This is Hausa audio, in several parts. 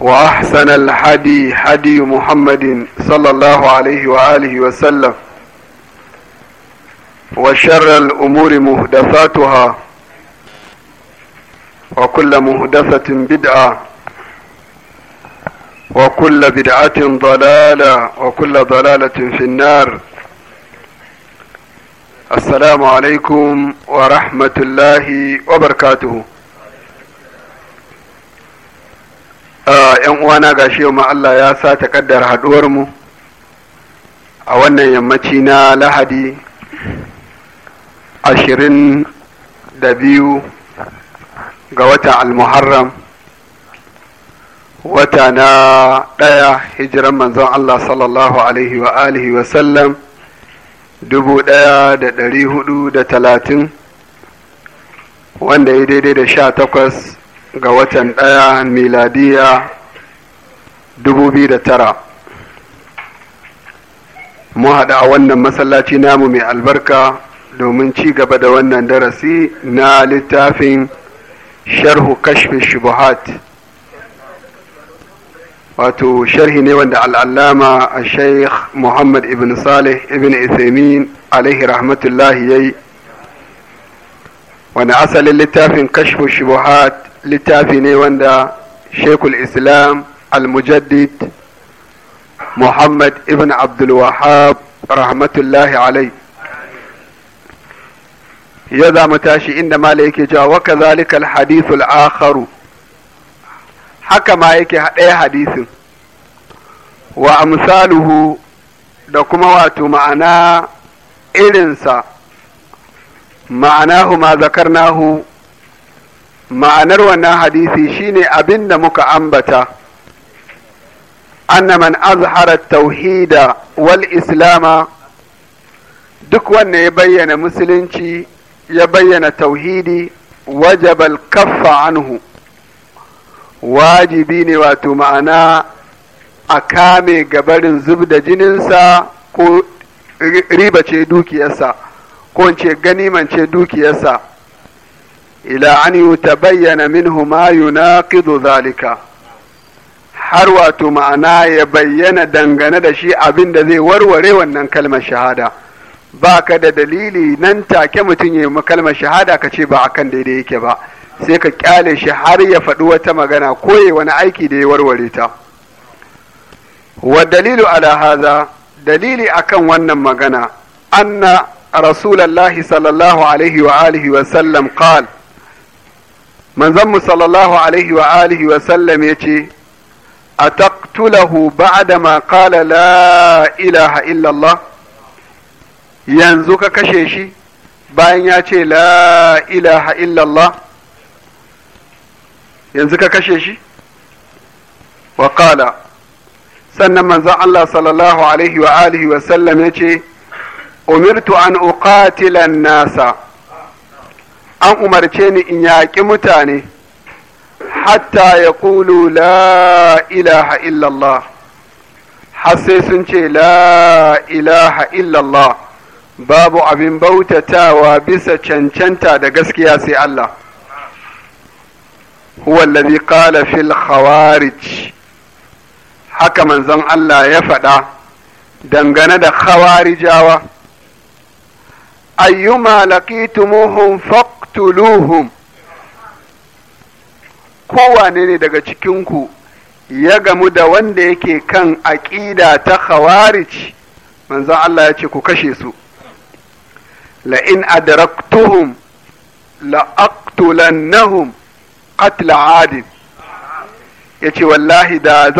وأحسن الحدي حدي محمد صلى الله عليه وآله وسلم وشر الأمور مهدفاتها وكل مهدفة بدعة وكل بدعة ضلالة وكل ضلالة في النار السلام عليكم ورحمة الله وبركاته Ah, yan uwana ga yau ma Allah ya sa ta kaddar haduwar mu a wannan yammaci na Lahadi ashirin da biyu ga wata almuharram wata na ɗaya hijiran manzon Allah sallallahu alaihi wa alihi wa sallam dubu ɗaya da ɗari hudu da talatin wanda ya daidai da sha takwas ga watan ɗaya miladiya tara. mu haɗa a wannan masallaci namu mai albarka domin ci gaba da wannan darasi na littafin sharhu kashfi shubuhat wato sharhi ne wanda al'allama a sheikh muhammad ibn salih ibn isaimin alaihi rahmatullahi yayi wani asalin littafin kashfi shubuhat littafi ne wanda shekul islam al-mujaddid muhammad ibn abdulwahab rahmatullahi alai ya za mu tashi inda mala yake cewa wa kazalika hadithul akharu haka ma yake ɗaya hadisin wa amsaluhu da kuma wato ma'ana irinsa ma'anahu ma zakarnahu ma'anar wannan hadisi shine abin da muka ambata anna man azhara tauhida wal islama duk wanda ya bayyana musulunci ya bayyana tauhidi wajabal kaffa anhu wajibi ne wato ma'ana a kame gabarin zub da jininsa ko ribace dukiyarsa ko ce ganimance dukiyarsa إلى أن يتبين منه ما يناقض ذلك har wato ma'ana ya bayyana dangane da shi abin da zai warware wannan kalmar shahada ba ka da dalili nan take mutum ya yi kalmar shahada ka ce ba a kan daidai yake ba sai ka kyale shi har ya faɗi wata magana ko ya wani aiki da ya warware ta wa dalilu ala haza dalili akan wannan magana anna rasulallahi sallallahu alaihi wa alihi wa sallam manzon sallallahu alaihi wa alihi wa sallam yace ataqtulahu ba'da ma qala la ilaha illa Allah yanzu ka kashe shi bayan ya ce la ilaha illa Allah yanzu ka kashe shi wa qala sannan manzan Allah sallallahu alaihi wa alihi wa sallam ce, umirtu an uqatila an-nasa an umarce ni in yaƙi mutane hatta ya Kulu la ilaha illallah har sai sun ce la ilaha illallah babu abin bautatawa bisa cancanta da gaskiya sai Allah huwa alladhi qala fil khawarij haka manzon Allah ya faɗa dangane da khawarijawa ayyuma laqitumuhum faq faktuluhum kowane ne daga cikinku ya gamu da wanda yake kan aƙida ta khawarij manzo Allah ya ce ku kashe su in adraktuhum la'aqtulannahum qatla adin ya ce wallahi da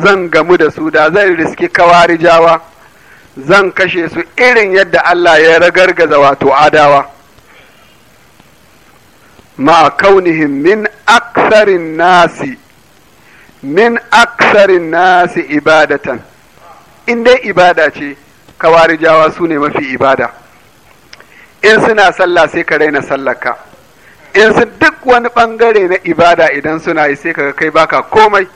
zan gamu da su da zan riski kawarijawa zan kashe su irin yadda Allah ya ragargaza wato adawa مع min من أكثر الناس من أكثر الناس عبادة إن دي إبادة كواري su ne mafi ibada. in suna sallah sai ka raina sallarka in su duk wani bangare na ibada idan suna yi sai kaga kai baka komai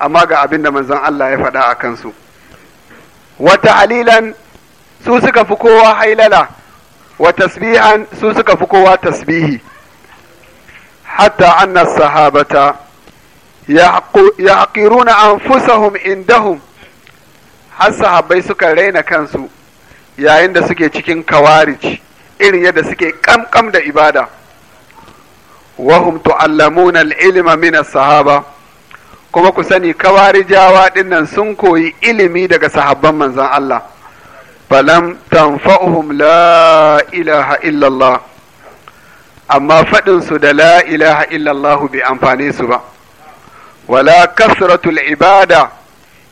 amma ga abin da manzon Allah ya faɗa a kansu wata alilan su suka fi kowa hailala wa tasbihan su suka fi kowa tasbihi حتى أن الصحابة يحقرون أنفسهم عندهم har sahabai suka raina kansu yayin da suke cikin kawarij irin yadda suke kamkam da ibada wahum tu'allamuna al-ilma min as-sahaba kuma ku sani kawarijawa dinnan sun koyi ilimi daga sahabban manzon Allah falam tanfa'uhum la illallah amma faɗinsu da la ilaha illallah bai amfane su ba wala kasratul ibada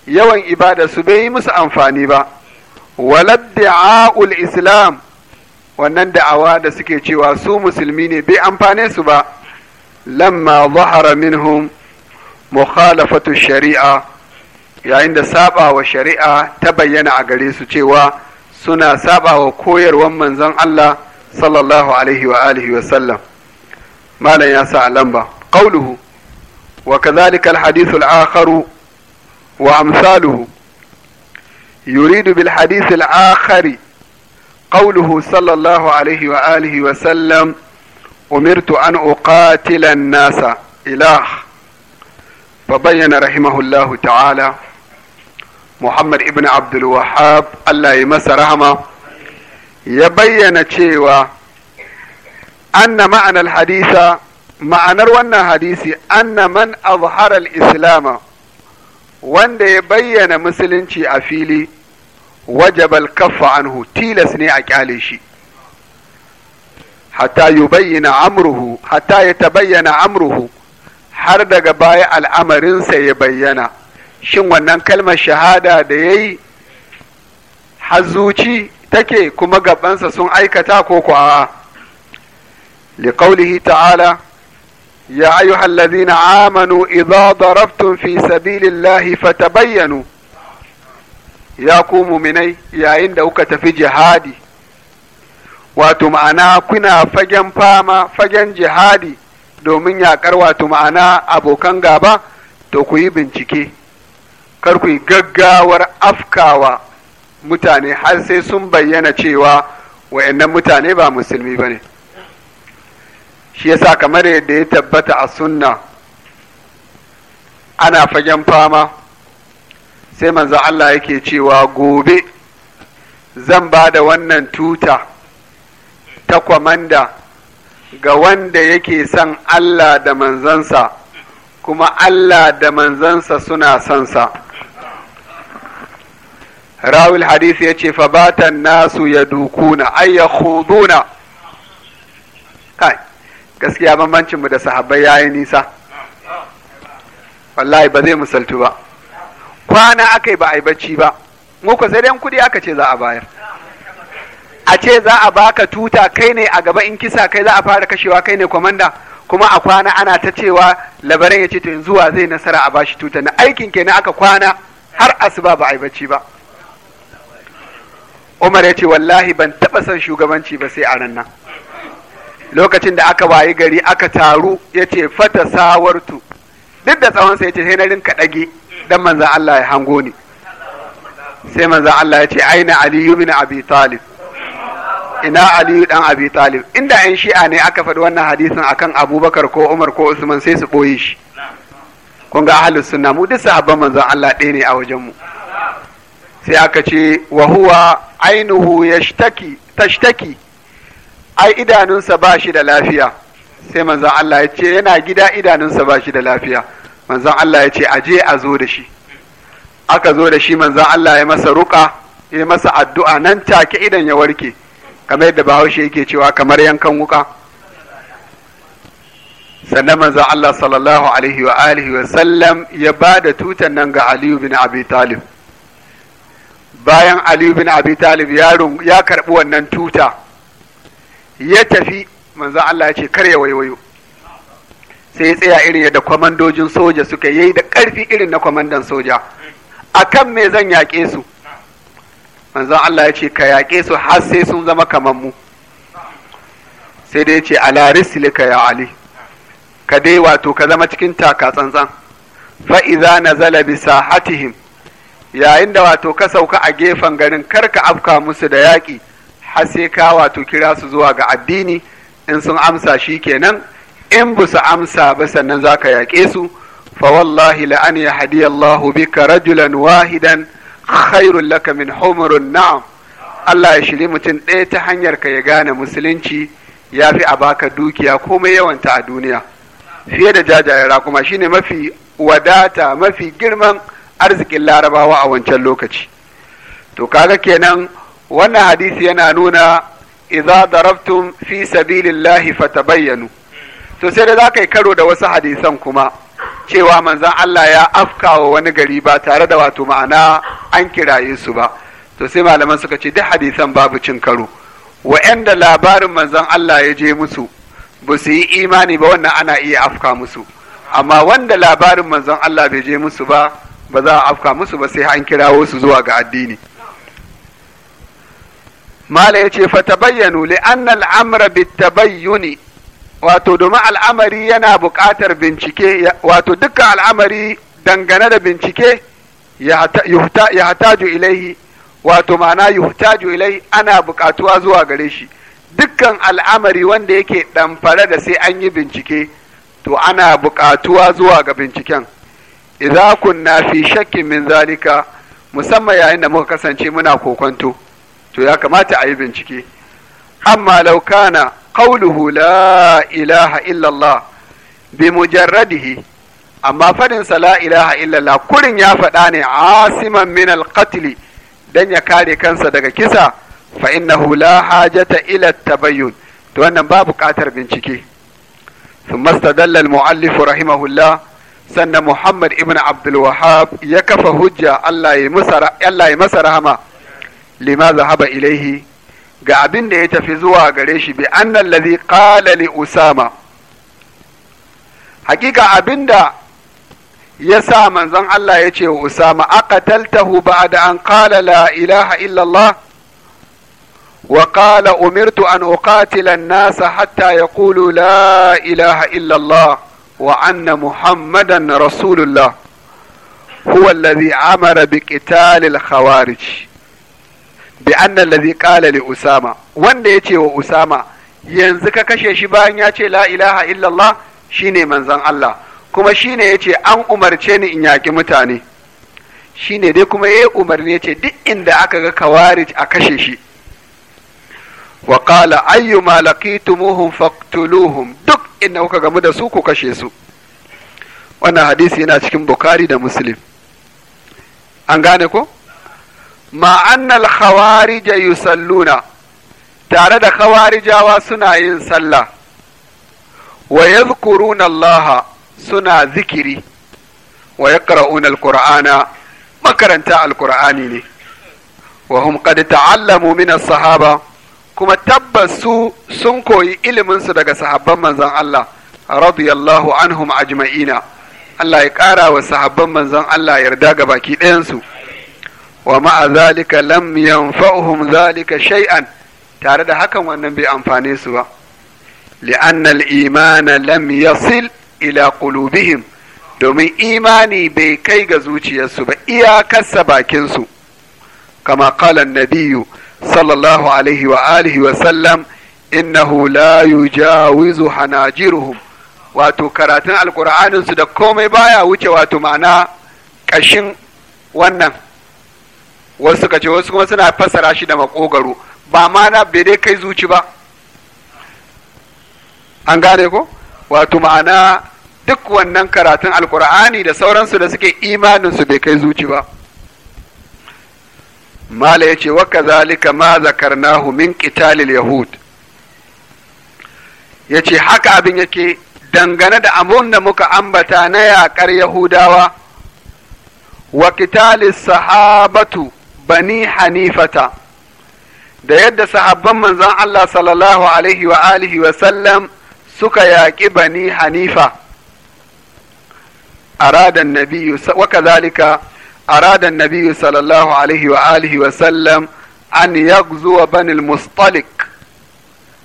yawan ibada su bai yi musu amfani ba wala da'a'ul islam wannan da'awa da suke cewa su musulmi ne bai amfane su ba lamma zahara minhum mukhalafatu shari'a yayin da saba wa shari'a ta bayyana a gare su cewa suna saba wa koyarwan manzon Allah صلى الله عليه وآله وسلم ما لا ينسى لمبا قوله وكذلك الحديث الآخر وأمثاله يريد بالحديث الآخر قوله صلى الله عليه وآله وسلم أمرت أن أقاتل الناس إله فبين رحمه الله تعالى محمد ابن عبد الوهاب الله يمس رحمه ya bayyana cewa anna ma'anar hadisa ma'anar wannan hadisi anna man azhara al-islam wanda ya bayyana musulunci a fili wajabal kaffa anhu tilas ne a kyale shi hatta yubayyana amruhu hatta ya amruhu har daga baya al'amarinsa ya bayyana shin wannan kalmar shahada da ya yi hazuci take kuma gabansa sun aikata ko ku a'a liqaulihi ta'ala ya ayu ladhina amanu idza darabtum fi sabilillahi fatabayyanu ya ku muminai yayin da kuka tafi jihadi wato ma'ana kuna fagen fama fagen jihadi domin yaƙar wato ma'ana abokan gaba to ku yi bincike kar ku yi gaggawar afkawa mutane har sai sun bayyana cewa wa'annan mutane ba musulmi ba ne shi yasa kamar yadda ya tabbata a sunna ana fagen fama sai manzo Allah yake cewa gobe zan ba da wannan tuta ta kwamanda ga wanda yake son Allah da manzansa kuma Allah da manzansa suna son sa rawil hadisi ya ce fa nasu ya dukuna ai ya gaskiya bambancin mu da sahabbai yayi nisa wallahi ba zai misaltu ba kwana akai bacci ba mu ko sai dai kudi aka ce za a bayar a ce za a baka tuta kai ne a gaba in kisa kai za a fara kashewa kai ne kwamandan. kuma a kwana ana ta cewa labaran ya ce to yanzu wa zai nasara a bashi tuta na aikin kenan aka kwana har asuba ba a yi bacci ba Umar ya ce wallahi ban taɓa son shugabanci ba sai a ran nan lokacin da aka wayi gari aka taru ya ce fata sawartu duk da tsawonsa ya ce sai na rinka ɗage dan manzan Allah ya hango ni sai manzan Allah ya ce aina aliyu min abi talib ina aliyu dan abi talib inda yan shi'a ne aka faɗi wannan hadisin akan abubakar ko umar ko usman sai su ɓoye shi kun ga ahlus sunna mu duk sahabban manzan Allah ɗaya ne a wajen mu sai aka ce wa huwa ainuhu yashtaki tashtaki ai idanunsa ba shi da lafiya sai manzon Allah ya ce yana gida idanunsa ba shi da lafiya manzon Allah ya ce aje a zo da shi aka zo da shi manzon Allah ya masa ruka ya masa addu'a nan take idan ya warke kamar yadda bahaushe yake cewa kamar yankan wuka sannan manzon Allah sallallahu alaihi wa alihi wa sallam ya ba da tutan nan ga Aliyu bin Abi Talib bayan Ali bin Abi Talib ya karɓi wannan tuta ya tafi manzo Allah ya ce kar ya waiwayo sai ya tsaya irin yadda kwamandojin soja suka yi da ƙarfi irin na kwamandan soja akan me zan yaƙe su manzo Allah ya ce ka yaƙe su har sai sun zama kamar mu sai dai ya ce ala rislika ya Ali ka dai wato ka zama cikin taka tsantsan fa idza nazala bi sahatihim yayin da wato ka sauka a gefen garin kar ka afka musu da yaƙi har sai ka wato kira su zuwa ga addini in sun amsa shi kenan in ba su amsa ba sannan za ka yaƙe su fa wallahi la an yahdi Allahu bika rajulan wahidan khairul laka min humrun na'am Allah ya shiri mutum ɗaya ta hanyar ka ya gane musulunci ya fi a baka dukiya komai yawanta a duniya fiye da jajayen kuma shine mafi wadata mafi girman arzikin larabawa a wancan lokaci to kaga kenan wannan hadisi yana nuna idza darabtum fi sabilillahi fatabayyanu to sai da zaka yi karo da wasu hadisan kuma cewa manzon Allah ya afkawa wani gari ba tare da wato ma'ana an kiraye su ba to sai malaman suka ce duk hadisan babu cin karo wa'anda labarin manzon Allah ya je musu ba su yi imani ba wannan ana iya afka musu amma wanda labarin manzon Allah bai je musu ba ba za a afka musu ba sai an kirawo su zuwa ga addini mala ya ce fatabayyanu li'anna al'amra bitabayyuni wato domin al'amari yana buƙatar bincike wato dukkan al'amari dangane da bincike ya hataju ilaihi wato ma'ana yuhtaju ilaihi ana buƙatuwa zuwa gare shi dukkan al'amari wanda yake ɗamfare da sai an yi bincike to ana buƙatuwa zuwa ga binciken idza kunna fi shakkin min zalika musamman yayin da muka kasance muna kokonto to ya kamata a yi bincike amma law kana qawluhu la ilaha illa Allah bi mujarradihi amma fadin sa la ilaha illa Allah kurin ya faɗa ne asiman min al dan ya kare kansa daga kisa fa innahu la hajata ila tabayyun to wannan ba buƙatar bincike ثم استدل المؤلف رحمه الله sannan Muhammad ibn Abdul Wahab ya kafa hujja Allah ya masa rahama lima zahaba ilaihi ga abin da ya tafi zuwa gare shi bi annan ladhi qala li Usama hakika abinda ya sa manzon Allah ya ce wa Usama aqataltahu ba'da an qala la ilaha illallah wa qala umirtu an uqatila an-nasa hatta yaqulu la ilaha illallah وأن محمدا رسول الله amara الذي أمر بقتال الخوارج بأن الذي قال لأسامة wanda ya ce wa Usama yanzu ka kashe shi bayan ya ce la ilaha illallah shine manzon Allah kuma shine ya ce an umarce ni in yaƙi mutane shine dai kuma ya umarni ya ce duk inda aka ga kawarij a kashe shi wa qala ayyuma laqitumuhum faqtuluhum duk ina kuka gamu da su ku kashe su wannan hadisi yana cikin bukhari da muslim an gane ko Ma'anar annal khawarija salluna. tare da khawarijawa suna yin sallah wa yadhkuruna suna zikiri wa yaqra'una al-qur'ana makaranta al-qur'ani ne wa hum qad ta'allamu sahaba kuma tabbas su sun koyi iliminsu daga sahabban manzon Allah radiyallahu anhum ajma'ina Allah ya ƙara wa sahabban manzon Allah yarda ga baki ɗayansu wa ma'a zalika lam yanfa'uhum zalika shay'an tare da hakan wannan bai amfane su ba li'anna al-imana lam yasil ila qulubihim domin imani bai kai ga zuciyarsu ba iyakarsa bakinsu kama qala an-nabiyyu sallallahu الله wa وآله wa sallam innahu يجاوز حناجرهم واتو wato karatun alkur'anin da komai baya wuce wato ma'ana kashin wannan wasu ce wasu kuma suna fassara shi da makogaro ba ma na bai dai kai zuci ba an gane ko wato ma'ana duk wannan karatun alkur'ani da sauransu da suke imaninsu bai kai zuci ba mala ce wa kazalika ma zakarnahu min qitalil yahud yace haka abin yake dangane da abun da muka ambata na yaƙar yahudawa wa qitalis sahabatu bani hanifata da yadda sahabban manzon Allah sallallahu alaihi wa alihi wa sallam suka yaƙi bani hanifa أراد النبي وكذلك أراد النبي صلى الله عليه وآله وسلم أن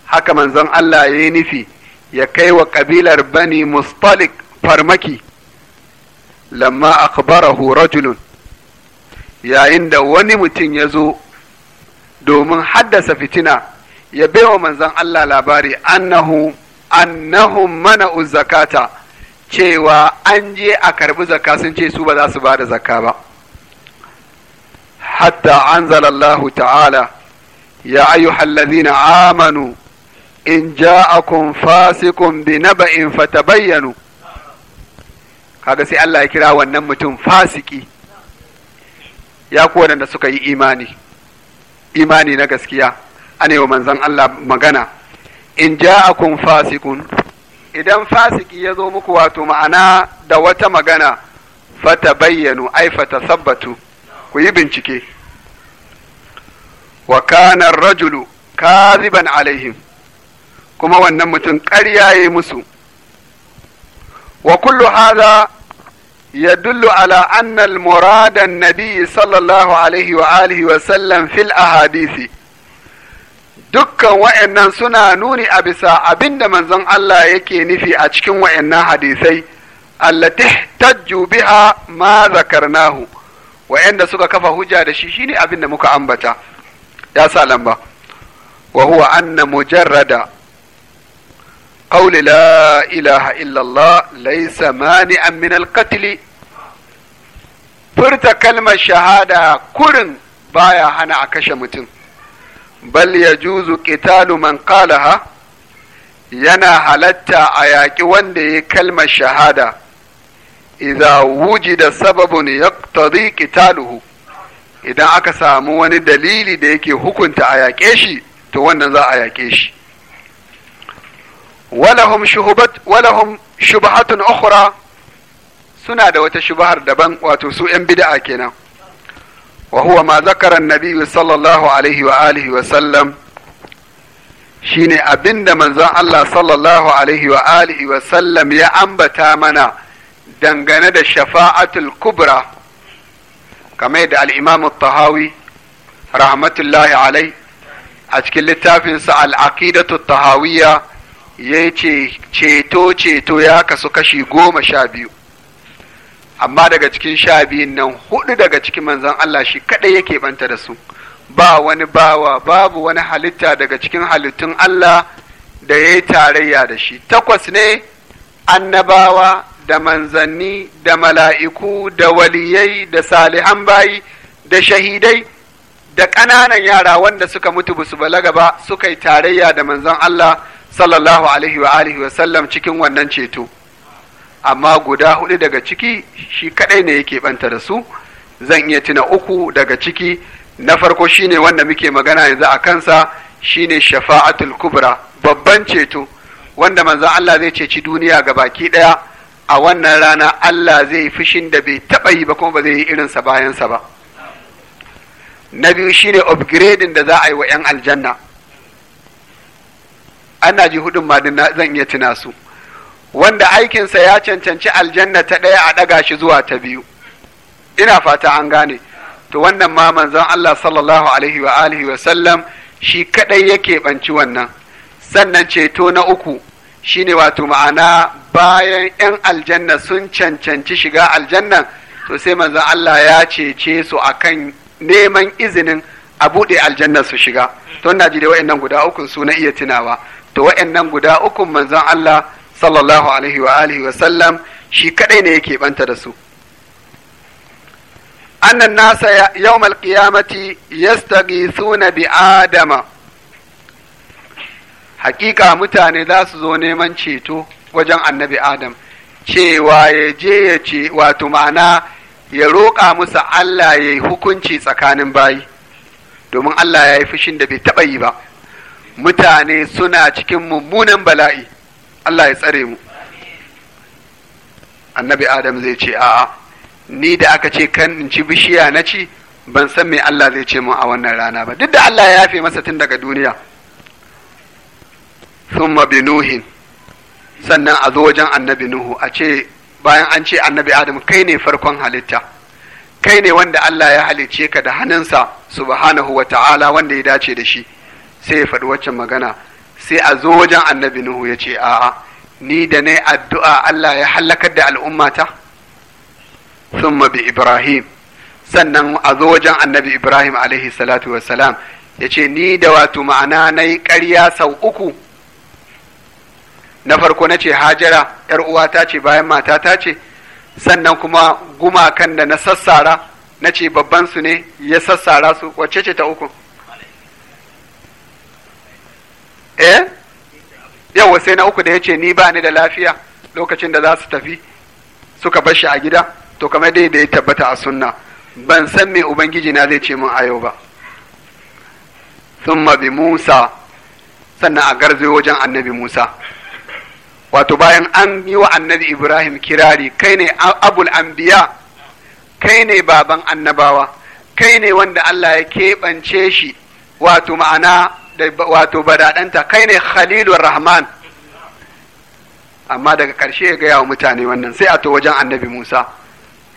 haka manzon Allah ya nufi ya kai wa ƙabilar bani mustalik farmaki lamma akhbarahu rajulun yayin da wani mutum ya zo domin haddasa fitina ya baiwa manzon Allah labari annahu annahum mana'u zakata cewa an je a karɓi zakka sun ce su ba za su bada da ba حتى أنزل الله تعالى يا أيها الذين آمنوا إن جاءكم فاسق بنبأ فتبينوا kaga sai Allah ya kira wannan mutum fasiki ya ku waɗanda suka yi imani imani na gaskiya ana wa Allah magana in kun fasikun idan fasiki ya zo muku wato ma'ana da wata magana fata bayyanu ai fata sabbatu ku yi bincike wa kana rajulu kaziban alaihim kuma wannan mutum ƙarya ya musu wa kullu hada يدل على أن المراد النبي صلى الله عليه وآله وسلم في الأحاديث dukkan wa'yannan suna nuni a bisa abinda manzon Allah yake nufi a cikin wa'yannan hadisai allati tajju biha ma zakarnahu wa'anda suka kafa hujja da shi shine abin da muka ambata ya sa lamba wa huwa anna mujarrada qawli la ilaha illa Allah laysa mani'an min al-qatl furta kalmar shahada kurin baya hana a kashe mutum bal yajuzu qitalu man qalaha yana halatta a yaƙi wanda ya kalmar shahada idza wujida sababun yaqtadi qitaluhu idan aka samu wani dalili da yake hukunta a yaƙe shi to wannan za a yaƙe shi walahum shuhubat walahum shubhatun ukhra suna da wata shubahar daban wato su yan bida'a kenan wa huwa ma zakara nabi sallallahu alaihi wa alihi wa sallam shine abinda manzon Allah sallallahu alaihi wa alihi wa sallam ya ambata mana dangane da shafa'atul kubra kamar da al'imamu tahawi rahmatullahi alai a cikin littafinsa al'aqidatu tahawiyya ya ce ceto ceto ya kasu kashi goma sha biyu amma daga cikin sha biyun nan hudu daga cikin manzan Allah shi kaɗai yake banta da su ba wani bawa babu wani halitta daga cikin halittun Allah da ya yi tarayya da shi takwas ne annabawa da manzanni da mala'iku da waliyai da salihan bayi da shahidai da ƙananan yara wanda suka mutu su balaga ba suka yi tarayya da manzon Allah sallallahu alaihi wa alihi wa sallam cikin wannan ceto amma guda hudu daga ciki shi kaɗai ne yake banta da su zan iya tuna uku daga ciki na farko shine wanda muke magana yanzu a kansa shine shafa'atul kubra babban ceto wanda manzon Allah zai ceci duniya ga baki ɗaya. a wannan rana Allah zai fushin da bai taɓa yi ba kuma ba zai yi irin irinsa bayansa ba na biyu shine upgrading da za a yi wa 'yan aljanna ana ji hudun ma zan iya tuna su wanda aikinsa ya cancanci aljanna ta ɗaya a ɗaga shi zuwa ta biyu ina fata an gane to wannan ma manzon Allah sallallahu alaihi wa alihi wa sallam shi kaɗai yake banci wannan sannan ceto na uku Shi ne wato ma'ana bayan 'yan aljanna sun cancanci shiga aljanna, to sai manzon Allah ya cece su a kan neman izinin a buɗe aljanna su shiga to na ji da wa'annan guda uku su na iya tunawa to wa'annan guda uku manzon Allah sallallahu alaihi wa alihi wa sallam shi kaɗai ne yake banta da su annan nasa yawmal qiyamati yastaghithuna bi adama hakika mutane za su zo neman ceto wajen annabi adam cewa ya je ya ce wato ma'ana ya roƙa musa Allah ya yi hukunci tsakanin bayi domin Allah ya yi fushin da bai taɓa yi ba mutane suna cikin mummunan bala'i Allah ya tsare mu annabi adam zai ce a'a ni da aka ce kan in ci bishiya na ci ban san me Allah zai ce mu a wannan rana ba duk da Allah ya yafe masa tun daga duniya thumma bi nuhin sannan a zo wajen annabi nuhu a ce bayan an ce annabi adam kai ne farkon halitta kai ne wanda Allah ya halicce ka da hannunsa subhanahu wa ta'ala wanda ya dace da shi sai ya faɗi waccan magana sai a zo wajen annabi nuhu ya ce a'a ni da na addu'a Allah ya hallakar da al'ummata thumma bi ibrahim sannan a zo wajen annabi ibrahim alaihi ya ce ni da wato ma'ana nayi karya sau uku na farko na ce hajara yar uwata ce bayan matata ce sannan kuma gumakan da na sassara na ce babban su ne ya sassara su wacce ce ta uku eh yawa sai na uku da ya ce ni ba ni da lafiya lokacin da za su tafi suka bar shi a gida to kamar dai da ya tabbata a sunna ban san me ubangiji na zai ce min a yau ba thumma bi musa sannan a garzo wajen annabi musa wato bayan an yi wa annabi ibrahim kirari kai ne abul anbiya kai ne baban annabawa kai ne wanda allah ya keɓance shi wato ma'ana wato badaɗanta kai ne khalilur rahman amma daga ƙarshe ya gaya wa mutane wannan sai a to wajen annabi musa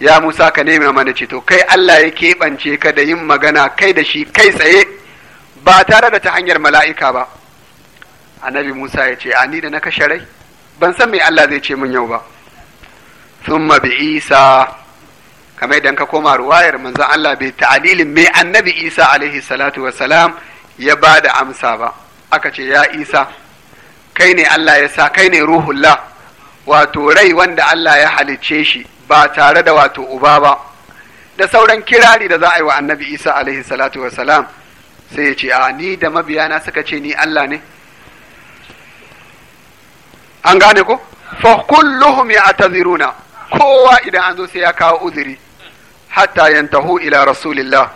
ya musa ka nemi mana ceto kai allah ya keɓance ka da yin magana kai da shi kai tsaye ba tare da ta hanyar mala'ika ba annabi musa ya ce ani da na kashe rai ban san me Allah zai ce min yau ba thumma bi isa kamar idan ka koma ruwayar manzon Allah bai ta'adilin me annabi isa alaihi salatu wassalam ya ba da amsa ba aka ce ya isa kai ne Allah ya sa kai ne ruhullah wato rai wanda Allah ya halicce shi ba tare da wato uba ba da sauran kirari da za a yi wa annabi isa alaihi salatu wassalam sai ya ce a ni da mabiyana suka ce ni Allah ne an gane ko fa kulluhum ya'taziruna kowa idan an zo sai ya kawo uzuri hatta yantahu ila rasulillah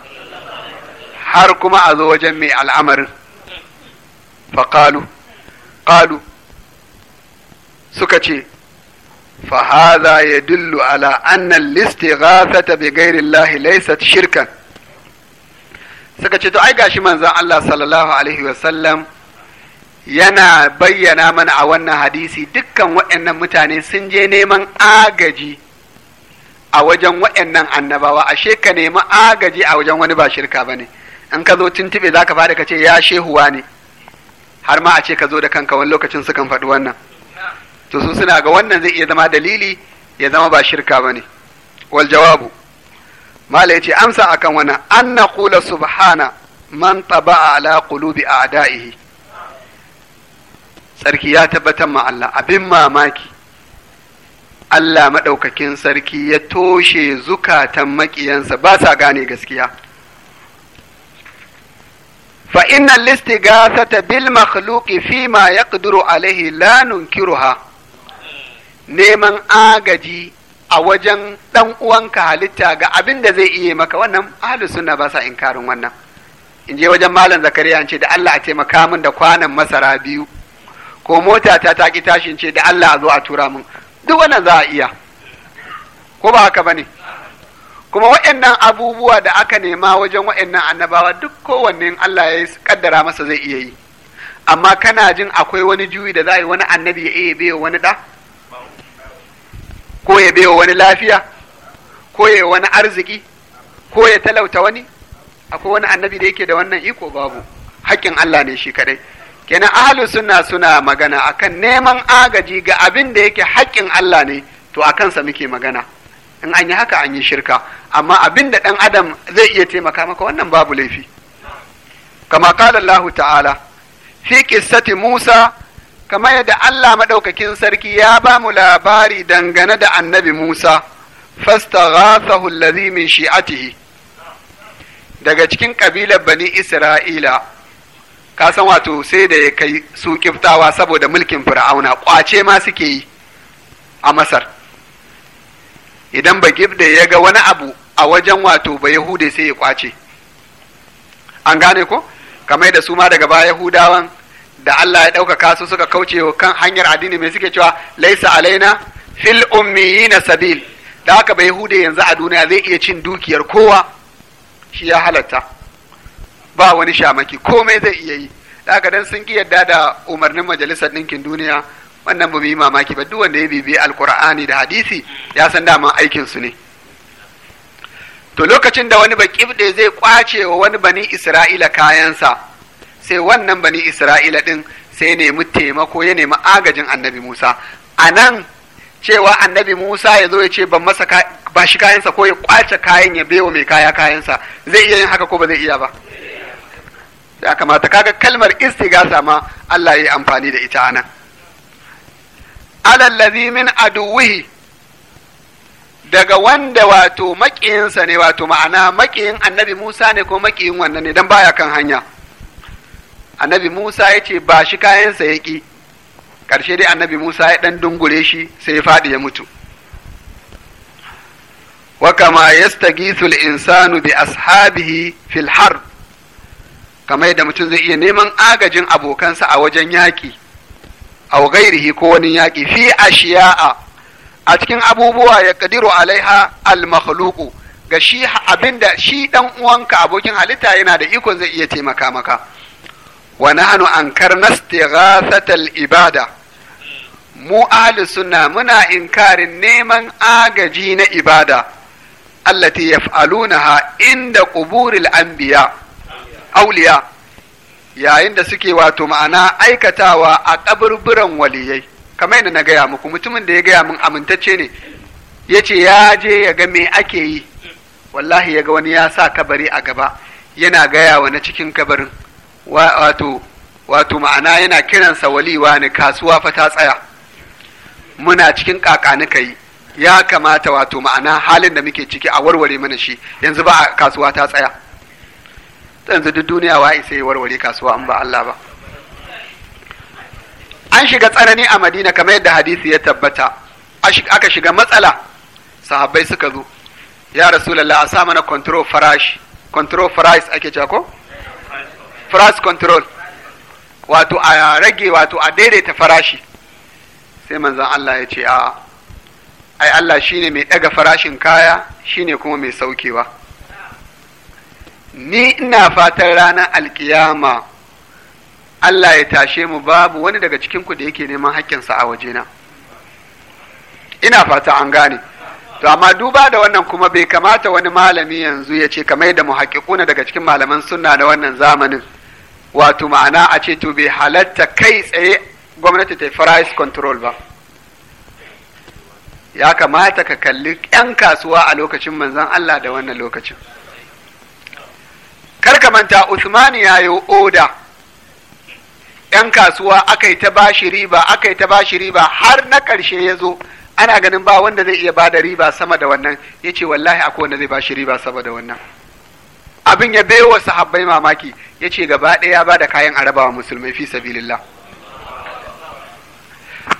har kuma a zo wajen mai al'amarin fa qalu qalu suka ce fa hadha yadullu ala anna al-istighathata bi ghairi Allah laysat shirkan suka ce to ai gashi manzon Allah sallallahu alaihi wa sallam yana bayyana mana a wannan hadisi dukkan waɗannan mutane sun je neman agaji a wajen waɗannan annabawa ashe ka nemi agaji a wajen wani ba shirka ba ne in ka zo tuntube za ka fara ka ce ya shehuwa ne har ma a ce ka zo da kanka wani lokacin sukan faɗi wannan to su suna ga wannan zai iya zama dalili ya zama ba shirka ba ne wal jawabu mala ce amsa akan wannan an na subhana man taba ala qulubi a'da'ihi Sarki ya tabbatar ma Allah abin mamaki Allah maɗaukakin sarki ya toshe zukatan maƙiyansa ba sa gane gaskiya fa innal listigathata bil makhluqi fima yaqdiru alaihi la nunkiruha neman agaji a wajen ɗan uwanka halitta ga abin da zai iya maka wannan ahlus sunna ba sa inkarin wannan in je wajen malam zakariya ce da Allah a taimaka min da kwanan masara biyu ko mota ta ta ki tashin ce da Allah a zo a tura mun duk wannan za a iya ko ba haka bane kuma waɗannan abubuwa da aka nema wajen waɗannan annabawa duk kowanne Allah ya kaddara masa zai iya yi amma kana jin akwai wani juyi da za a yi wani annabi ya iya bewa wani ɗa ko ya bewa wani lafiya ko ya wani arziki ko ya talauta wani akwai wani annabi da yake da wannan iko babu haƙƙin Allah ne shi kadai kenan ahalu suna suna magana akan neman agaji ga abin da yake haƙƙin Allah ne to a kansa muke magana in an yi haka an yi shirka amma abin da ɗan adam zai iya taimaka maka wannan babu laifi kama kala Allah ta'ala fi kissati Musa kama yadda Allah madaukakin sarki ya ba mu labari dangane da annabi Musa fastaghathahu allazi min shi'atihi daga cikin kabilar bani Isra'ila ka san wato sai da ya kai su kiftawa saboda mulkin fir'auna kwace ma suke yi a masar idan ba da ya ga wani abu a wajen wato ba yahude sai ya kwace an gane ko kamar da su ma daga baya yahudawan da Allah ya ɗaukaka su suka kauce kan hanyar addini mai suke cewa laisa alaina fil ummiyina sabil da haka ba yahude yanzu a duniya zai iya cin dukiyar kowa shi ya halatta ba wani shamaki komai zai iya yi daga dan sun ki yadda da umarnin majalisar ɗinkin duniya wannan ba mu yi mamaki ba duk wanda ya bibi alkur'ani da hadisi ya san daman aikin su ne to lokacin da wani bakibde zai kwace wa wani bani isra'ila kayansa sai wannan bani isra'ila ɗin sai nemi taimako ya nemi agajin annabi musa a nan cewa annabi musa ya zo ya ce ban masa ba shi kayansa ko ya kwace kayan ya bewa mai kaya kayansa zai iya yin haka ko ba zai iya ba ya kamata kaga kalmar istigasa ma Allah ya amfani da ita anan alallazi min aduwihi daga wanda wato makiyinsa ne wato ma'ana maƙiyin annabi Musa ne ko maƙiyin wannan ne dan baya kan hanya annabi Musa ya ce ba shi kayansa ya ƙi ƙarshe dai annabi Musa ya ɗan dungure shi sai ya faɗi ya mutu wa kama yastaghithul insanu bi ashabihi fil harb kamar yadda mutum zai iya neman agajin abokansa a wajen yaƙi a gairihi ko wani yaƙi fi shiya'a. a cikin abubuwa ya kadiru alaiha al makhluku ga shi abinda shi dan uwanka abokin halitta yana da ikon zai iya taimaka maka wa nahnu ankar istighathatal ibada mu ahli sunna muna inkarin neman agaji na ibada allati yaf'alunaha inda quburil anbiya' auliya yayin da suke wato ma'ana aikatawa a kaburburan waliyai kamar yadda na gaya muku mutumin da ya gaya min amintacce ne ya ce ya je ya ga me ake yi wallahi ya ga wani ya sa kabari a gaba yana gaya wa na cikin kabarin wato ma'ana yana kiransa waliwa ne kasuwa fa ta tsaya muna cikin kakanuka yi ya kamata wato ma'ana halin da muke ciki a warware mana shi yanzu ba a kasuwa ta tsaya yanzu duk duniya wa isa warware kasuwa an ba Allah ba an shiga tsanani a madina kamar yadda hadisi ya tabbata aka shiga matsala sahabbai suka zo ya rasulallah a sa mana control farashi control price ake cewa ko control wato a rage wato a daidaita farashi sai manzon Allah ya ce a ai Allah shine mai ɗaga farashin kaya shine kuma mai saukewa ni ina fatan ranar alkiyama Allah ya tashe mu babu wani daga cikinku da yake neman sa a wajena ina fata an gane to amma duba da wannan kuma bai kamata wani malami yanzu ya ce kamar da muhakkikuna daga cikin malaman sunna da wannan zamanin wato ma'ana a ce to bai halatta kai tsaye gwamnati ta price control ba ya kamata ka kalli 'yan kasuwa a lokacin manzon Allah da wannan lokacin kar ka manta usman ya yi oda yan kasuwa aka yi ta bashi riba aka yi ta bashi riba har na ƙarshe ya zo ana ganin ba wanda zai iya ba da riba sama da wannan ya ce wallahi akwai wanda zai bashi riba sama da wannan abin ya bai wa sahabbai mamaki ya ce gaba ɗaya ya bada kayan arabawa musulmai fi sabilillah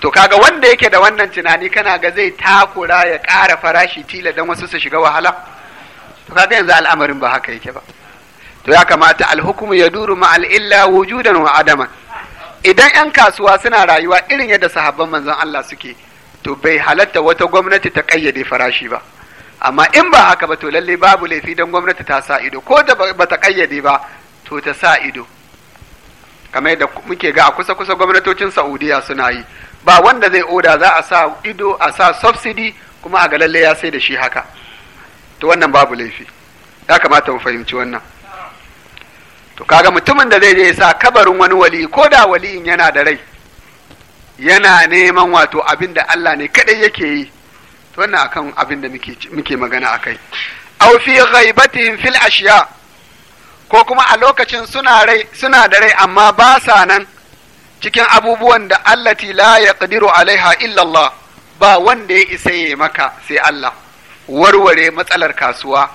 to kaga wanda yake da wannan tunani kana ga zai takura ya ƙara farashi tila don wasu su shiga wahala to kaga yanzu al'amarin ba haka yake ba to ya kamata alhukumu ya duru ma al'illa wujudan wa adama idan 'yan kasuwa suna rayuwa irin yadda sahabban manzon Allah suke to bai halatta wata gwamnati ta kayyade farashi ba amma in ba haka ba to lalle babu laifi don gwamnati ta sa ido ko da ba ta kayyade ba to ta sa ido kamar yadda muke ga a kusa kusa gwamnatocin Saudiya suna yi ba wanda zai oda za a sa ido a sa subsidy kuma a ga lalle ya sai da shi haka to wannan babu laifi ya kamata mu fahimci wannan to kaga mutumin da zai je sa kabarin wani wali ko da waliyin yana da rai yana neman wato abin da Allah ne kadai yake yi to wannan akan abin da muke magana akai aw fi ghaibatihim fil ashiya ko kuma a lokacin suna rai suna da rai amma ba sa nan cikin abubuwan da Allah ti la yaqdiru alaiha illa Allah ba wanda ya isa ya maka sai Allah warware matsalar kasuwa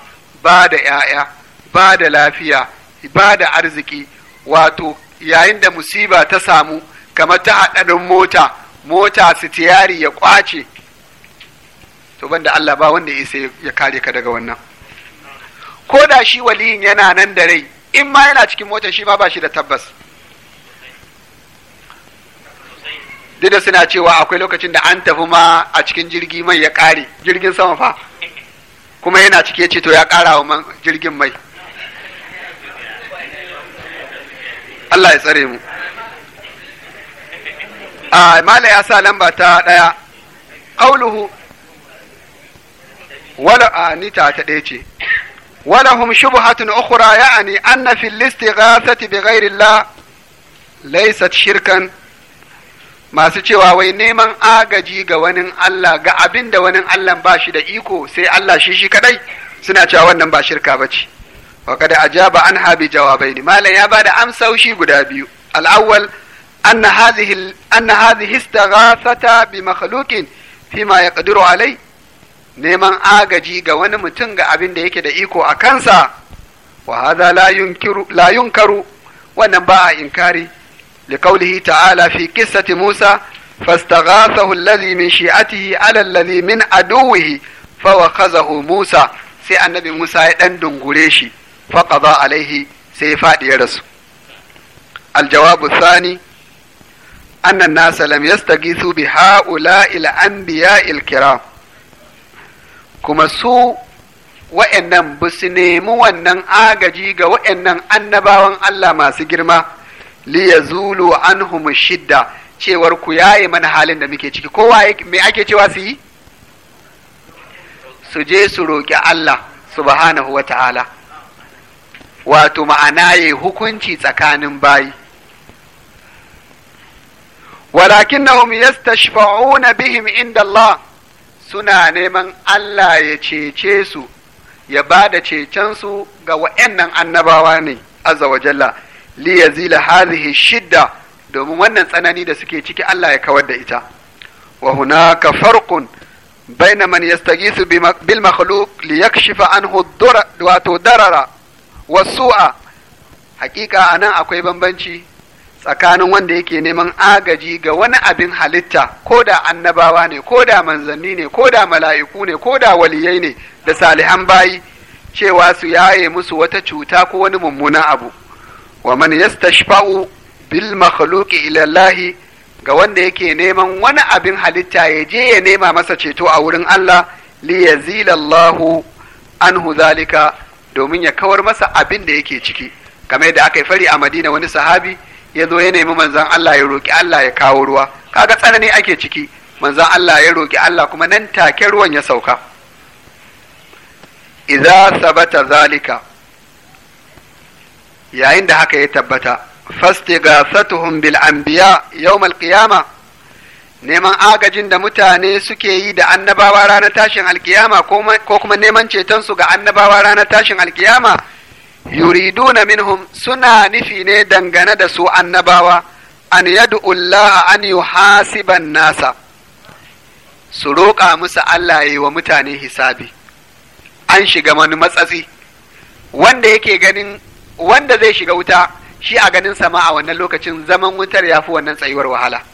ba da 'ya'ya ba da lafiya ba da arziki wato yayin da musiba ta samu kamar ta haɗarin mota mota su tiyari ya kwace to banda Allah ba wanda isa ya kare ka daga wannan ko da shi waliyin yana nan da rai in ma yana cikin mota shi ma ba shi da tabbas duk suna cewa akwai lokacin da an tafi ma a cikin jirgi mai ya ƙare jirgin sama fa kuma yana cike ce to ya karawa wa jirgin mai Allah ya tsare mu a mala ya sa lamba ta ɗaya ƙauluhu wala a nita ta ɗaya ce Wala hum shubu ولهم شبهة أخرى يعني أن في الاستغاثة بغير الله Laisat shirkan masu cewa wai neman agaji ga wani Allah ga abin da wani Allah ba shi da iko sai Allah shi shi kadai suna cewa wannan ba shirka ba ce. wa qad an anha jawabai ne malam ya bada amsaushi guda biyu al-awwal anna hadhihi anna hadhihi istighathata bi makhluqin fima yaqdiru alai neman agaji ga wani mutum ga abin da yake da iko a kansa wa hadha la yunkiru la yunkaru wannan ba a inkari لقوله تعالى في قصة موسى فاستغاثه الذي من شيعته على الذي من عدوه فوخزه موسى sai annabi Musa ya ɗan dungure shi faƙaza alaihi sai faɗi ya rasu aljawabu sani annan nasa lam yastagisu bi ha'ula'il anbiya'il kiram kuma su wa'annan ba su wannan agaji ga wa'annan annabawan Allah masu girma li yazulu shidda cewar ku yaye mana halin da muke ciki kowa me ake cewa su yi su je su roƙi Allah subhanahu wa ta'ala wato ma'ana ya hukunci tsakanin bayi walakinnahum yastashfa'una bihim inda Allah suna neman Allah ya cece su ya ba da cecensu ga wa'annan annabawa ne azza wa jalla li yazila hadhihi shidda domin wannan tsanani da suke ciki Allah ya kawar da ita wa hunaka farqun baina Yastagisu yastaghithu bil makhluq li yakshifa anhu wato darara wasu'a hakika anan akwai bambanci tsakanin wanda yake neman agaji ga wani abin halitta ko da annabawa ne ko da manzanni ne ko da mala'iku ne ko da waliyai ne da salihan bayi cewa su yaye musu wata cuta ko wani mummunan abu wa man yastashfa'u bil makhluqi ila Allah ga wanda yake neman wani abin halitta ya je ya nema masa ceto a wurin Allah li yazila anhu zalika domin ya kawar masa abin da yake ciki kamar yadda aka yi fari a madina wani sahabi ya zo ya nemi manzan Allah ya roki Allah ya kawo ruwa kaga tsanani ake ciki manzan Allah ya roki Allah kuma nan take ruwan ya sauka idza sabata zalika yayin da haka ya tabbata fastighasatuhum bil anbiya yawm al qiyamah neman agajin da mutane suke yi da annabawa ranar tashin alkiyama ko kuma neman cetonsu ga annabawa ranar tashin alkiyama na minhum suna nufi ne dangane da su annabawa an yad'ullaha an yuhasiban nasa su roƙa musu Allah yi wa mutane hisabi an shiga wani matsatsi wanda yake ganin wanda zai shiga wuta shi a ganin sama a wannan lokacin zaman wutar ya fi wannan tsayuwar wahala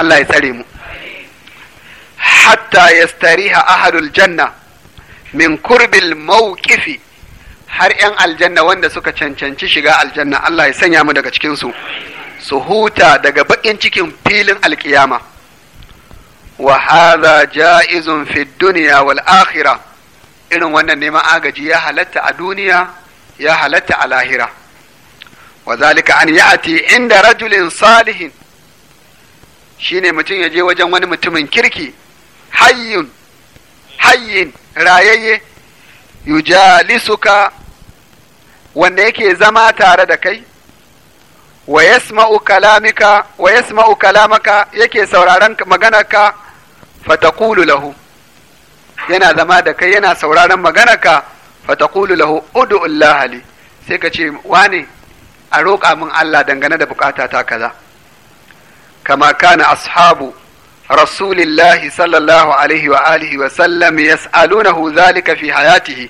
Allah ya tsare mu hatta yastariha ahadul janna min kurbil mawqifi har ‘yan aljanna wanda suka cancanci shiga aljanna Allah ya sanya mu daga cikinsu su huta daga baƙin cikin filin alkiyama wa ja ja'izun fi duniya wal irin wannan neman agaji ya halatta a duniya ya halatta a lahira wa zalika an ati inda rajulin salihin shine mutum ya je wajen wani mutumin kirki hayyun hayyin rayayye yujalisuka wanda yake zama tare da kai wa yasma'u kalamika wa yake sauraron maganarka fataqulu lahu yana zama da kai yana sauraron maganarka fataqulu lahu ud'u Allah sai ka ce ne? a roƙa min Allah dangane da bukata ta kaza كما كان أصحاب رسول الله صلى الله عليه وآله وسلم يسألونه ذلك في حياته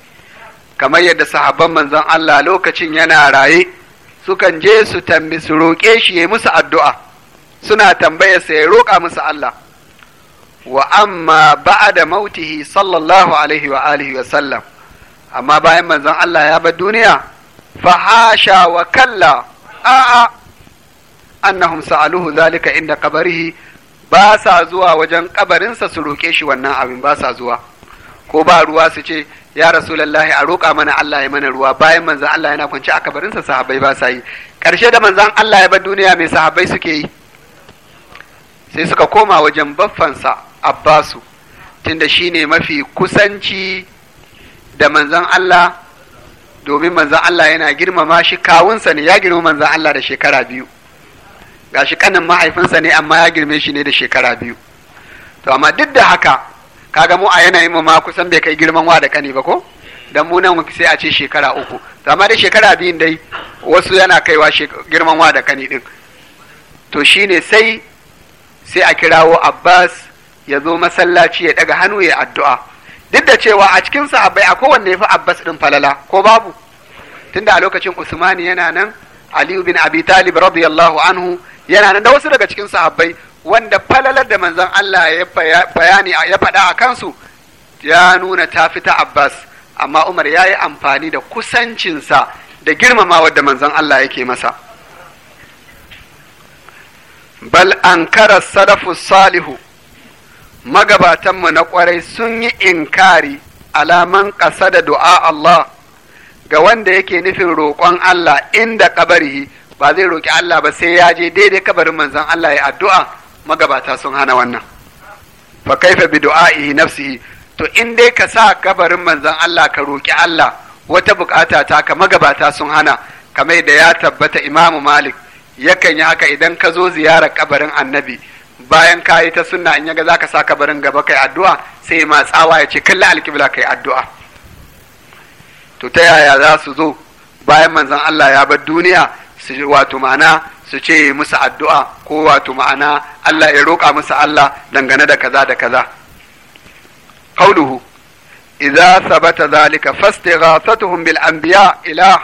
كما يد صحابا من ذن الله لوكتين ينا رأي sukan je su tambi su roƙe shi ya musu addu'a suna tambaya sai ya roƙa musu Allah wa amma da mautihi sallallahu alaihi wa alihi wa sallam amma bayan manzon Allah ya bar duniya fa wa kalla a'a annahum sa'aluhu zalika inda kabarihi ba sa zuwa wajen kabarinsa su roke shi wannan abin ba sa zuwa ko ba ruwa su ce ya rasulullahi a roka mana Allah ya mana ruwa bayan manzon Allah yana kwance a kabarinsa sahabbai ba sa yi Karshe da manzon Allah ya bar duniya mai sahabbai suke yi sai suka koma wajen baffansa Abbasu tunda shine mafi kusanci da manzon Allah domin manzon Allah yana girmama shi kawunsa ne ya girma manzon Allah da shekara biyu gashi kanin mahaifinsa ne amma ya girme shi ne da shekara biyu to amma duk da haka kaga mu a yanayin mu ma kusan bai kai girman wa da kani ba ko dan mu nan sai a ce shekara uku to amma da shekara biyun dai wasu yana kaiwa girman wa da kani din to shine sai sai a kirawo Abbas ya zo masallaci ya daga hannu ya addu'a duk da cewa a cikin sahabbai a kowanne fi Abbas din falala ko babu tunda a lokacin Usmani yana nan Aliyu bin Abi Talib radiyallahu anhu yana nan da wasu daga cikin sahabbai wanda falalar da manzon Allah ya bayani ya faɗa a kansu ya nuna ta fita Abbas amma Umar ya yi amfani da kusancinsa da girmamawa da manzon Allah yake masa bal ankara sadafu salihu magabatanmu na kwarai sun yi inkari alaman ƙasa da du'a Allah ga wanda yake nufin roƙon Allah inda ƙabarihi ba zai roƙi Allah ba sai ya je daidai kabarin manzon Allah ya addu'a magabata sun hana wannan fa kaifa bi du'a'ihi nafsihi to in dai ka sa kabarin manzon Allah ka roƙi Allah wata bukata ta ka magabata sun hana kamar da ya tabbata Imam Malik yakan yi haka idan ka zo ziyarar kabarin Annabi bayan ka yi ta sunna in yaga zaka sa kabarin gaba kai addu'a sai ma tsawa ya ce kalla alkibla kai addu'a to ta yaya za su zo bayan manzon Allah ya bar duniya su wato ma'ana su ce musu addu'a ko wato ma'ana Allah ya roƙa musu Allah dangane da kaza da kaza qauluhu Iza sabata zalika fastighasatuhum bil anbiya ila.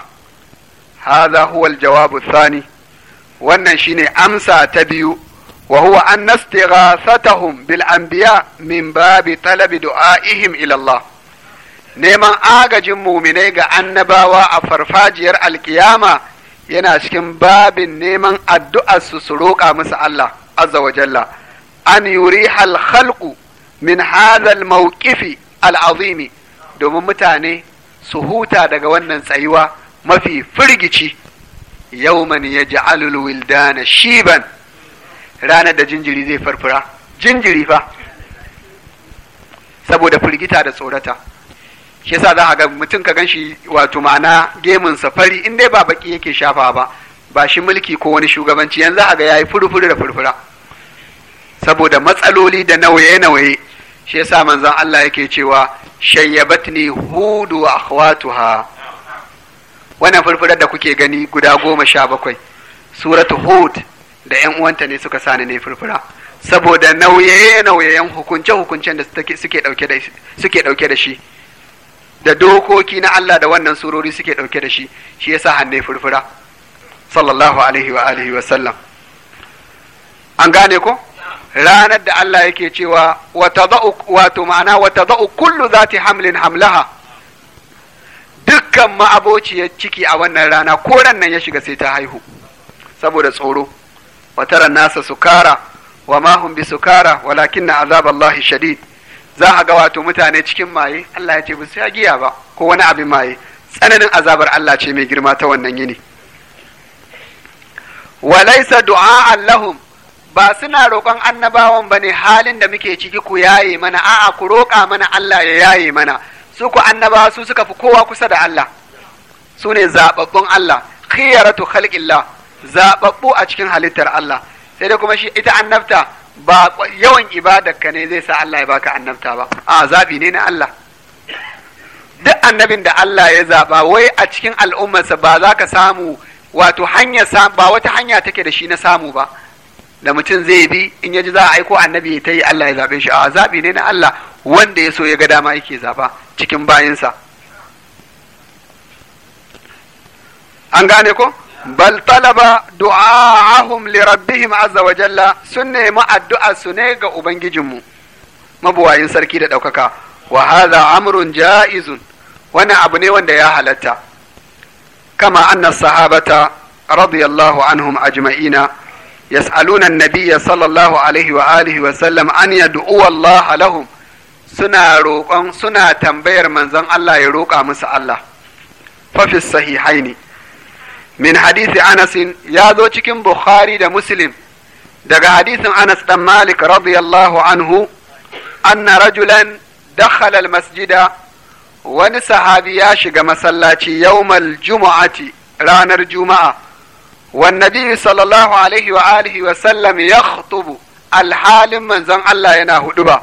hadha huwa al jawab wannan shine amsa ta biyu wa huwa an nastighasatuhum bil anbiya min babi talabi du'aihim ila Allah neman agajin muminai ga annabawa a farfajiyar alkiyama yana cikin babin neman addu'ar su su roƙa musu Allah azza wa jalla an yuri khalqu min hadha al mawqifi domin mutane su huta daga wannan tsayuwa mafi firgici yawman yaj'alul wildana shiban ranar da jinjiri zai farfura jinjiri fa saboda firgita da tsorata shi yasa za a ga mutum ka gan shi wato ma'ana gemun safari in dai ba baki yake shafa ba ba shi mulki ko wani shugabanci yanzu a ga yayi furfuri da furfura saboda matsaloli da nauye nauye shi yasa manzon Allah yake cewa shayyabatni hudu wa akhwatuha wannan furfurar da kuke gani guda goma sha bakwai suratu hud da yan uwanta ne suka sani ne furfura saboda nauye nauyen hukunce hukuncen da suke dauke da shi da dokoki na Allah da wannan surori suke ɗauke da shi shi ya yasa hannu furfura sallallahu alaihi wa alihi wa sallam an gane ko ranar da Allah yake cewa wato ma'ana wata za'u kullu zati hamlin hamlaha dukkan ma'abociyar ciki a wannan rana ko nan ya shiga sai ta haihu saboda tsoro wataran nasa sukara wa mahun bi sukara walakin na azaballahi shadid za a ga wato mutane cikin maye Allah ya ce ba su giya ba ko wani abin maye tsananin azabar Allah ce mai girma ta wannan yini walaisa du'a Allahum. ba suna roƙon annabawan ba ne halin da muke ciki ku yaye mana a'a ku roƙa mana Allah ya yaye mana su ku annabawa su suka fi kowa kusa da Allah su ne zaɓaɓɓun Allah khiyaratu khalqillah zaɓaɓɓu a cikin halittar Allah sai dai kuma shi ita annabta ba yawan ibadarka ne zai sa Allah ya baka annabta ba a zabi ne na Allah duk annabin da Allah ya zaba wai a cikin al'ummarsa ba za ka samu wato hanya ba wata hanya take da shi na samu ba da mutum zai bi in ya ji za a aiko annabi ya ta yi Allah ya zaɓe shi a zabi ne na Allah wanda ya so ya ga dama yake zaba cikin bayansa an gane ko bal talaba du'a'ahum li rabbihim azza wa jalla sun nemi addu'a su ne ga ubangijinmu mabuwayin sarki da ɗaukaka wa hadha amrun ja'izun wannan abu ne wanda ya halatta kama anna sahabata radiyallahu anhum ajma'ina yas'aluna an-nabiyya sallallahu alaihi wa alihi wa sallam an yad'u Allah lahum suna roƙon suna tambayar manzon Allah ya roƙa musu Allah fa fi sahihaini min hadisi anasin ya zo cikin bukhari da muslim daga hadisin anas ɗan malik radiyallahu anhu anna rajulan dakhala masjida wani sahabi ya shiga masallaci yawmal jumu'ati ranar juma'a wan nabiyyu sallallahu alaihi wa alihi wa sallam yakhutubu alhalin manzon Allah yana huduba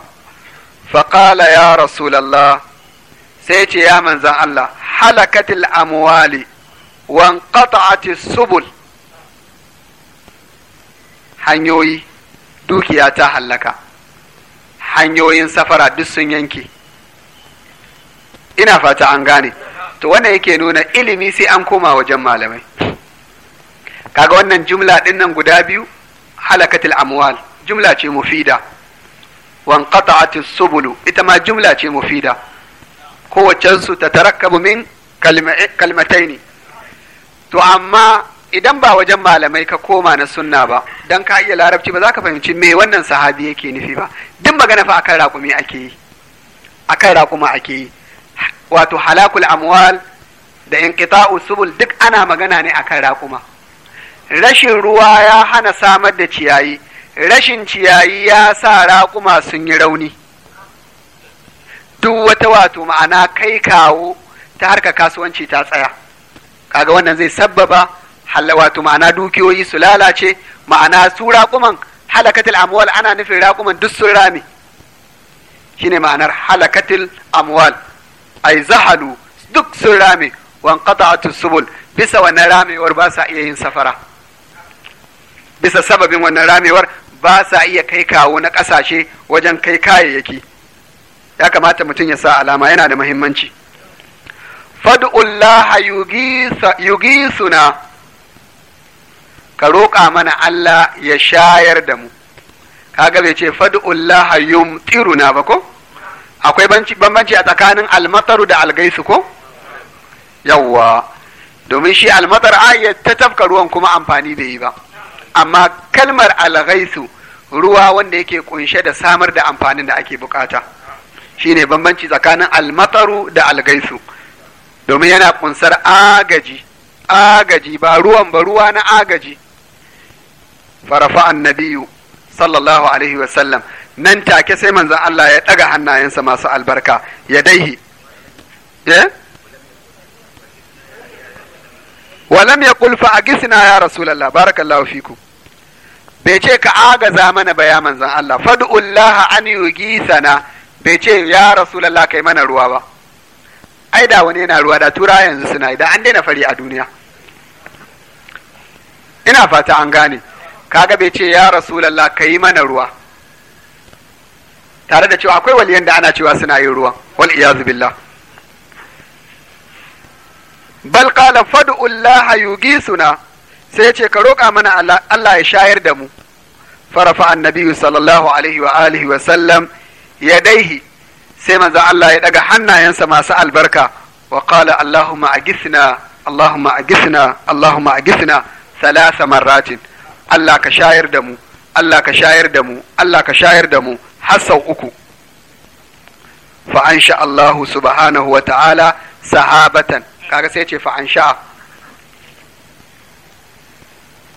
faqala ya rasulullah sai ce ya manzon Allah halakatil amwali wanqata'ati subul hanyoyi dukiya ta hallaka hanyoyin safara duk sun yanke ina fata an gane to wannan yake nuna ilimi sai an koma wajen malamai kaga wannan jumla din nan guda biyu halakatul amwal jumla ce mufida wanqata'atis subulu ita ma jumla ce mufida kowacensu ta tarakkabu min ne. to amma idan ba wajen malamai ka koma na sunna ba don ka iya larabci ba za ka fahimci me wannan sahabi yake nufi ba duk magana fa akan raƙumi ake yi akan raƙuma ake yi wato halakul amwal da inqita'u subul duk ana magana ne akan raƙuma rashin ruwa ya hana samar da ciyayi rashin ciyayi ya sa raƙuma sun yi rauni duk wata wato ma'ana kai kawo ta harka kasuwanci ta tsaya kaga wannan zai sabbaba wato ma'ana dukiyoyi su lalace ma'ana su raƙuman halakatil amwal ana nufin raƙuman duk sun rame shine ma'anar halakatil amwal ai zahalu duk sun rame wan qata'atu subul bisa wannan ramewar ba sa iya yin safara bisa sababin wannan ramewar ba sa iya kai kawo na ƙasashe wajen kai kayayyaki ya kamata mutum ya sa alama yana da muhimmanci. fad'ullaha yugisuna ka roƙa mana Allah ya shayar da mu kaga bai ce fad'ullaha yumtiruna ba ko akwai bambanci a tsakanin almataru da algaisu ko yawwa domin shi almatar ayya ta tafka ruwan kuma amfani bai yi ba amma kalmar algaisu ruwa wanda yake kunshe da samar da amfanin da ake bukata shine bambanci tsakanin almataru da algaisu domin yana kunsar agaji agaji ba ruwan ba ruwa na agaji farafa annabiyu sallallahu alaihi wasallam nan take sai manzon Allah ya ɗaga hannayensa masu albarka ya daihi walam ya kulfa a gisina ya rasulallah barakallahu fiku bai ce ka agaza mana ba ya manzon Allah fadu'ullaha an yugisana bai ce ya rasulallah kai mana ruwa ba ai da wani yana ruwa da tura yanzu suna idan an daina fari a duniya ina fata an gane kaga bai ce ya rasulallah ka yi mana ruwa tare da cewa akwai waliyan da ana cewa suna yin ruwa wal iyazu billah bal qala fad'u yugisuna sai ce ka roƙa mana Allah ya shayar da mu farafa annabi sallallahu alaihi wa alihi wa sallam yadaihi sai manzo Allah ya daga hannayensa masu albarka wa qala Allahumma agisna Allahumma agisna Allahumma agisna salasa marratin Allah ka shayar da mu Allah ka shayar da mu Allah ka shayar da mu har sau uku fa ansha Allah subhanahu wa ta'ala sahabatan kaga sai ce fa ansha